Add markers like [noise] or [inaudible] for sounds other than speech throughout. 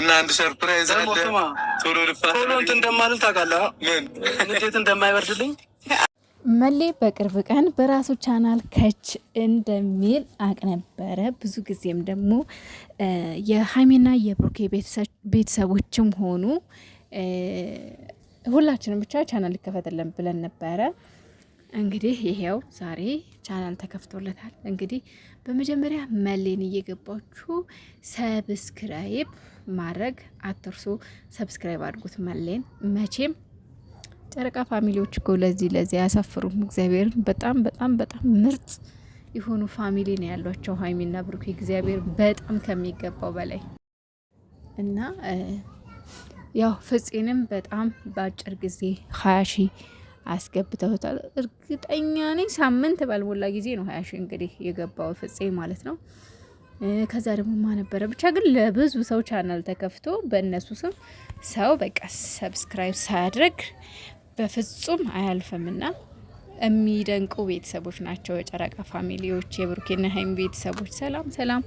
እና አንድ ሰርፕራይዝ አለ። ቶሎ እንትን እንደማልል ታውቃለህ፣ እንዴት እንደማይበርድልኝ መሌ በቅርብ ቀን በራሱ ቻናል ከች እንደሚል አቅ ነበረ። ብዙ ጊዜም ደግሞ የሀይሜና የብሩኬ ቤተሰቦችም ሆኑ ሁላችንም ብቻ ቻናል ሊከፈትልን ብለን ነበረ። እንግዲህ ይሄው ዛሬ ቻናል ተከፍቶለታል። እንግዲህ በመጀመሪያ መሌን እየገባችሁ ሰብስክራይብ ማድረግ አትርሱ። ሰብስክራይብ አድርጉት። መሌን መቼም ጨረቃ ፋሚሊዎች እኮ ለዚህ ለዚህ አያሳፍሩም። እግዚአብሔር በጣም በጣም በጣም ምርጥ የሆኑ ፋሚሊ ነው ያሏቸው ሀይሚና ብሩኬ። እግዚአብሔር በጣም ከሚገባው በላይ እና ያው ፍጼንም በጣም በአጭር ጊዜ ሀያ ሺ አስገብተውታል። እርግጠኛ ነኝ ሳምንት ባልሞላ ጊዜ ነው ሀያ ሺ እንግዲህ የገባው ፍፄ ማለት ነው። ከዛ ደግሞ ማ ነበረ ብቻ ግን ለብዙ ሰው ቻናል ተከፍቶ በእነሱ ስም ሰው በቃ ሰብስክራይብ ሳያድረግ በፍጹም አያልፍምና የሚደንቁ ቤተሰቦች ናቸው የጨረቃ ፋሚሊዎች፣ የብሩኬና ሀይሚ ቤተሰቦች። ሰላም ሰላም፣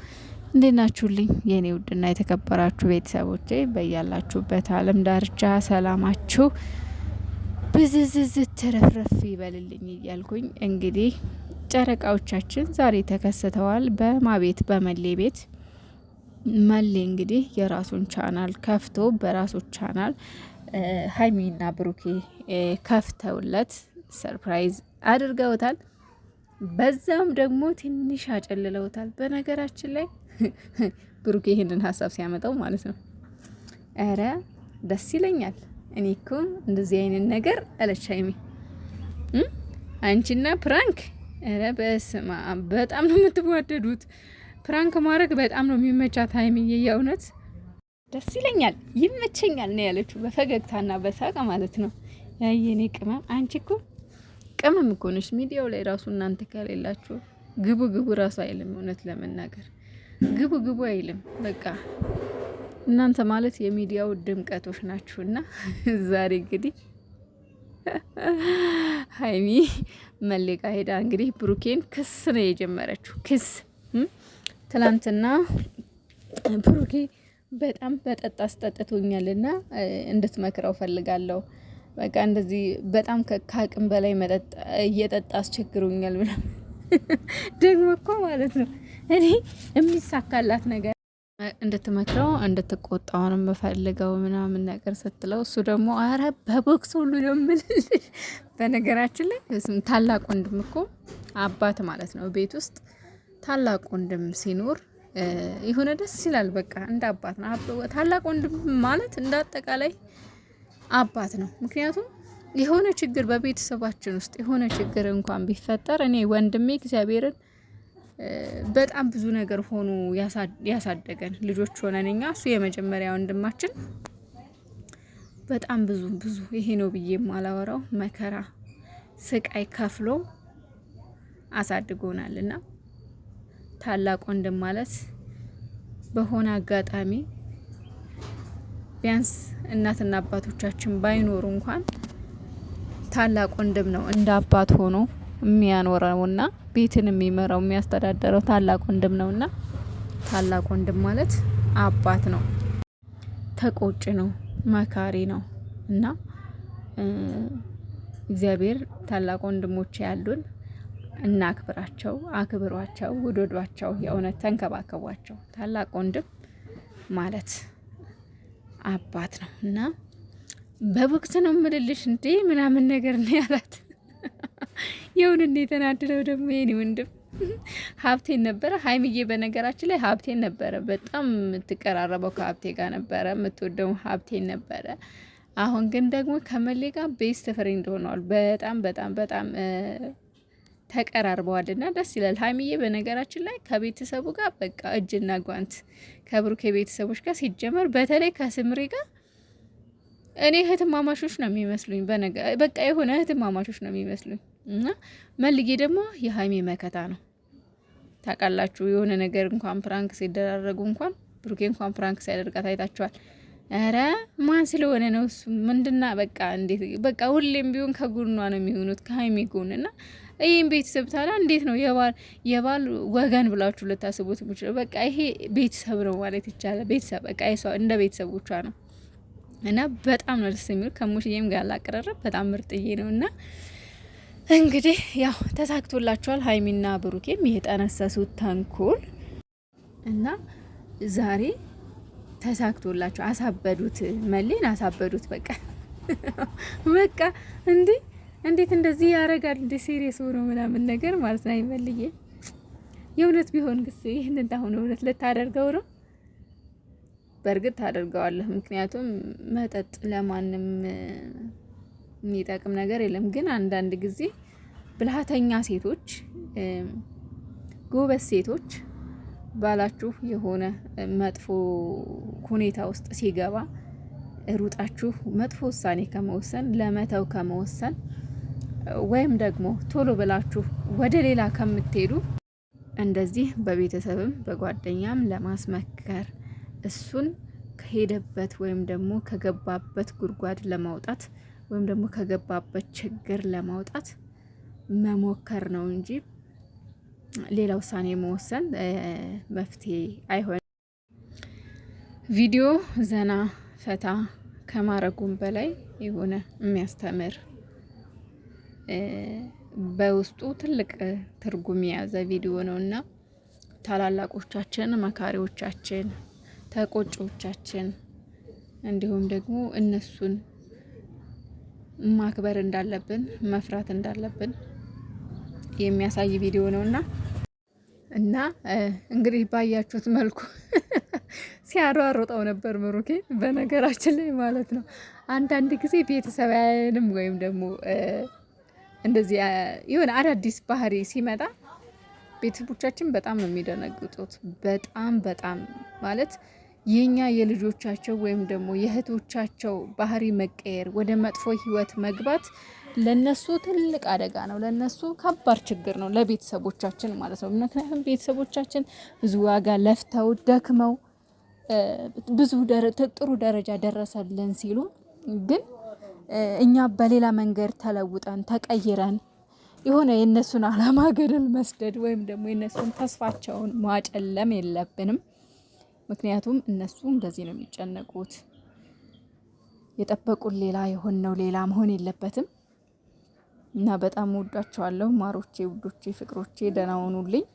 እንዴት ናችሁልኝ የእኔ ውድና የተከበራችሁ ቤተሰቦች በያላችሁበት አለም ዳርቻ ሰላማችሁ ብዝዝዝ ትረፍረፍ ይበልልኝ እያልኩኝ እንግዲህ ጨረቃዎቻችን ዛሬ ተከስተዋል በማቤት በመሌ ቤት። መሌ እንግዲህ የራሱን ቻናል ከፍቶ በራሱ ቻናል ሀይሚና ብሩኬ ከፍተውለት ሰርፕራይዝ አድርገውታል። በዛም ደግሞ ትንሽ አጨልለውታል። በነገራችን ላይ [laughs] ብሩኬ ይህንን ሀሳብ ሲያመጣው ማለት ነው፣ እረ ደስ ይለኛል። እኔ እኮ እንደዚህ አይነት ነገር አለች ሀይሚ አንቺና ፕራንክ ኧረ በስመ አብ በጣም ነው የምትዋደዱት። ፕራንክ ማድረግ በጣም ነው የሚመቻት ሀይሚዬ፣ የእውነት ደስ ይለኛል፣ ይመቸኛል ነው ያለችው በፈገግታና በሳቅ ማለት ነው። ያየኔ ቅመም አንቺ እኮ ቅመም እኮ ነሽ። ሚዲያው ላይ ራሱ እናንተ ከሌላችሁ ግቡ ግቡ ራሱ አይልም። እውነት ለመናገር ግቡ ግቡ አይልም። በቃ እናንተ ማለት የሚዲያው ድምቀቶች ናችሁና [laughs] ዛሬ እንግዲህ [laughs] ሀይሚ መሌጋ ሄዳ እንግዲህ ብሩኬን ክስ ነው የጀመረችው። ክስ ትላንትና ብሩኬ በጣም መጠጥ አስጠጥቶኛልና እንድትመክረው ፈልጋለሁ። በቃ እንደዚህ በጣም ከአቅም በላይ መጠጥ እየጠጣ አስቸግሮኛል ብላ [laughs] ደግሞ እኮ ማለት ነው እኔ የሚሳካላት ነገር እንድትመክረው እንድትቆጣው ነው የምፈልገው ምናምን ነገር ስትለው እሱ ደግሞ አረ በቦክስ ሁሉ ነው የምልልሽ። በነገራችን ላይ ታላቅ ወንድም እኮ አባት ማለት ነው። ቤት ውስጥ ታላቅ ወንድም ሲኖር የሆነ ደስ ይላል። በቃ እንደ አባት ነው። ታላቅ ወንድም ማለት እንደ አጠቃላይ አባት ነው። ምክንያቱም የሆነ ችግር በቤተሰባችን ውስጥ የሆነ ችግር እንኳን ቢፈጠር እኔ ወንድሜ እግዚአብሔርን በጣም ብዙ ነገር ሆኖ ያሳደገን ልጆች ሆነን እኛ እሱ የመጀመሪያ ወንድማችን በጣም ብዙ ብዙ ይሄ ነው ብዬ የማላወራው መከራ ስቃይ ከፍሎ አሳድጎናል እና ታላቅ ወንድም ማለት በሆነ አጋጣሚ ቢያንስ እናትና አባቶቻችን ባይኖሩ እንኳን ታላቅ ወንድም ነው እንደ አባት ሆኖ የሚያኖረውና ቤትን የሚመራው የሚያስተዳደረው ታላቅ ወንድም ነውና ታላቅ ወንድም ማለት አባት ነው፣ ተቆጭ ነው፣ መካሪ ነው እና እግዚአብሔር ታላቅ ወንድሞች ያሉን እናክብራቸው፣ አክብሯቸው፣ ውደዷቸው፣ የእውነት ተንከባከቧቸው። ታላቅ ወንድም ማለት አባት ነው እና በወቅት ነው ምልልሽ እንዴ ምናምን ነገር ነው ያላት የሁን እንዴ ተናድረው ደግሞ የኔ ወንድም ሀብቴን ነበረ። ሀይሚዬ በነገራችን ላይ ሀብቴን ነበረ በጣም የምትቀራረበው ከሀብቴ ጋር ነበረ፣ የምትወደው ሀብቴን ነበረ። አሁን ግን ደግሞ ከመሌ ጋር ቤስት ፍሬንድ ሆነዋል። በጣም በጣም በጣም ተቀራርበዋል እና ደስ ይላል። ሀይሚዬ በነገራችን ላይ ከቤተሰቡ ጋር በቃ እጅና ጓንት ከብሩኬ ቤተሰቦች ጋር ሲጀመር በተለይ ከስምሪ ጋር እኔ እህትማማሾች ነው የሚመስሉኝ። በነገ በቃ የሆነ እህትማማሾች ነው የሚመስሉኝ። እና መልጌ ደግሞ የሀይሜ መከታ ነው። ታውቃላችሁ የሆነ ነገር እንኳን ፕራንክ ሲደራረጉ እንኳን ብሩኬ እንኳን ፕራንክ ሲያደርጋት አይታችኋል። ረ ማን ስለሆነ ነው እሱ ምንድና በቃ እንዴት በቃ ሁሌም ቢሆን ከጎኗ ነው የሚሆኑት ከሀይሜ ጎን እና ይህም ቤተሰብ ታዲያ እንዴት ነው የባል የባል ወገን ብላችሁ ልታስቡት የምችለው በቃ ይሄ ቤተሰብ ነው ማለት ይቻላል። ቤተሰብ በቃ እንደ ቤተሰቦቿ ነው እና በጣም ነው ደስ የሚሉ ከሙሽዬም ጋር ላቀረረብ በጣም ምርጥዬ ነው እና እንግዲህ ያው ተሳክቶላቸዋል። ሀይሚና ብሩኬም የጠነሰሱት ተንኮል እና ዛሬ ተሳክቶላቸው አሳበዱት። መሌን አሳበዱት። በቃ በቃ እንዲ እንዴት እንደዚህ ያደርጋል? እንደ ሴሪየስ ሆኖ ምናምን ነገር ማለት ነው። አይመልዬ የእውነት ቢሆን ግስ ይህን እንዳሁን እውነት ልታደርገው ነው። በእርግጥ ታደርገዋለህ። ምክንያቱም መጠጥ ለማንም የሚጠቅም ነገር የለም። ግን አንዳንድ ጊዜ ብልሃተኛ ሴቶች፣ ጎበዝ ሴቶች ባላችሁ የሆነ መጥፎ ሁኔታ ውስጥ ሲገባ ሩጣችሁ መጥፎ ውሳኔ ከመወሰን ለመተው ከመወሰን ወይም ደግሞ ቶሎ ብላችሁ ወደ ሌላ ከምትሄዱ እንደዚህ በቤተሰብም በጓደኛም ለማስመከር እሱን ከሄደበት ወይም ደግሞ ከገባበት ጉድጓድ ለማውጣት ወይም ደግሞ ከገባበት ችግር ለማውጣት መሞከር ነው እንጂ ሌላ ውሳኔ መወሰን መፍትሄ አይሆንም። ቪዲዮ ዘና ፈታ ከማረጉም በላይ የሆነ የሚያስተምር በውስጡ ትልቅ ትርጉም የያዘ ቪዲዮ ነው እና ታላላቆቻችን፣ መካሪዎቻችን፣ ተቆጮቻችን እንዲሁም ደግሞ እነሱን ማክበር እንዳለብን መፍራት እንዳለብን የሚያሳይ ቪዲዮ ነው እና እና እንግዲህ ባያችሁት መልኩ [laughs] ሲያሯሩጠው ነበር ምሩኬ። በነገራችን ላይ ማለት ነው አንዳንድ ጊዜ ቤተሰብንም ወይም ደግሞ እንደዚህ የሆነ አዳዲስ ባህሪ ሲመጣ ቤተሰቦቻችን በጣም ነው የሚደነግጡት። በጣም በጣም ማለት የኛ የልጆቻቸው ወይም ደግሞ የእህቶቻቸው ባህሪ መቀየር፣ ወደ መጥፎ ህይወት መግባት ለነሱ ትልቅ አደጋ ነው። ለነሱ ከባድ ችግር ነው፣ ለቤተሰቦቻችን ማለት ነው። ምክንያቱም ቤተሰቦቻችን ብዙ ዋጋ ለፍተው ደክመው ብዙ ጥሩ ደረጃ ደረሰልን ሲሉ ግን እኛ በሌላ መንገድ ተለውጠን ተቀይረን የሆነ የእነሱን አላማ ገደል መስደድ ወይም ደግሞ የእነሱን ተስፋቸውን ማጨለም የለብንም። ምክንያቱም እነሱ እንደዚህ ነው የሚጨነቁት። የጠበቁን ሌላ ነው ሌላ መሆን የለበትም እና በጣም ወዳቸዋለሁ። ማሮቼ፣ ውዶቼ፣ ፍቅሮቼ ደህና ሆኑልኝ።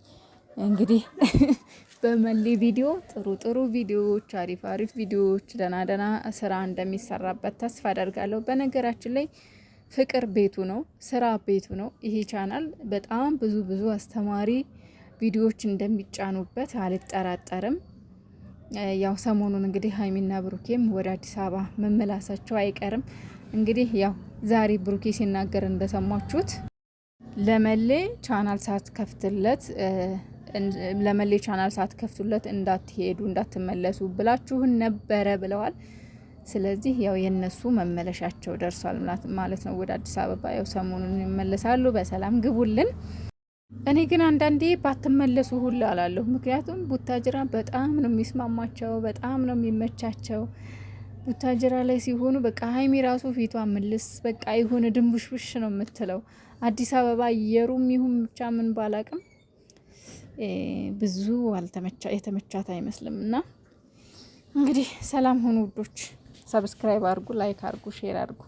እንግዲህ [laughs] በመሌ ቪዲዮ ጥሩ ጥሩ ቪዲዮዎች፣ አሪፍ አሪፍ ቪዲዮዎች፣ ደህና ደህና ስራ እንደሚሰራበት ተስፋ አደርጋለሁ። በነገራችን ላይ ፍቅር ቤቱ ነው፣ ስራ ቤቱ ነው። ይሄ ቻናል በጣም ብዙ ብዙ አስተማሪ ቪዲዮዎች እንደሚጫኑበት አልጠራጠርም። ያው ሰሞኑን እንግዲህ ሀይሚና ብሩኬም ወደ አዲስ አበባ መመላሳቸው አይቀርም። እንግዲህ ያው ዛሬ ብሩኬ ሲናገር እንደሰማችሁት ለመሌ ቻናል ከፍትለት ለመሌ ቻናል ሳትከፍቱለት እንዳትሄዱ እንዳትመለሱ ብላችሁን ነበረ ብለዋል። ስለዚህ ያው የነሱ መመለሻቸው ደርሷል ማለት ነው። ወደ አዲስ አበባ ያው ሰሞኑን ይመለሳሉ። በሰላም ግቡልን። እኔ ግን አንዳንዴ ባትመለሱ ሁሉ አላለሁ። ምክንያቱም ቡታጅራ በጣም ነው የሚስማማቸው፣ በጣም ነው የሚመቻቸው። ቡታጅራ ላይ ሲሆኑ በቃ ሀይሚ ራሱ ፊቷ ምልስ በቃ የሆነ ድንቡሽቡሽ ነው የምትለው። አዲስ አበባ አየሩም ይሁን ብቻ ምን ባላቅም ብዙ አልተመቻ የተመቻት አይመስልም። እና እንግዲህ ሰላም ሆኑ ውዶች፣ ሰብስክራይብ አርጉ፣ ላይክ አርጉ፣ ሼር አርጉ።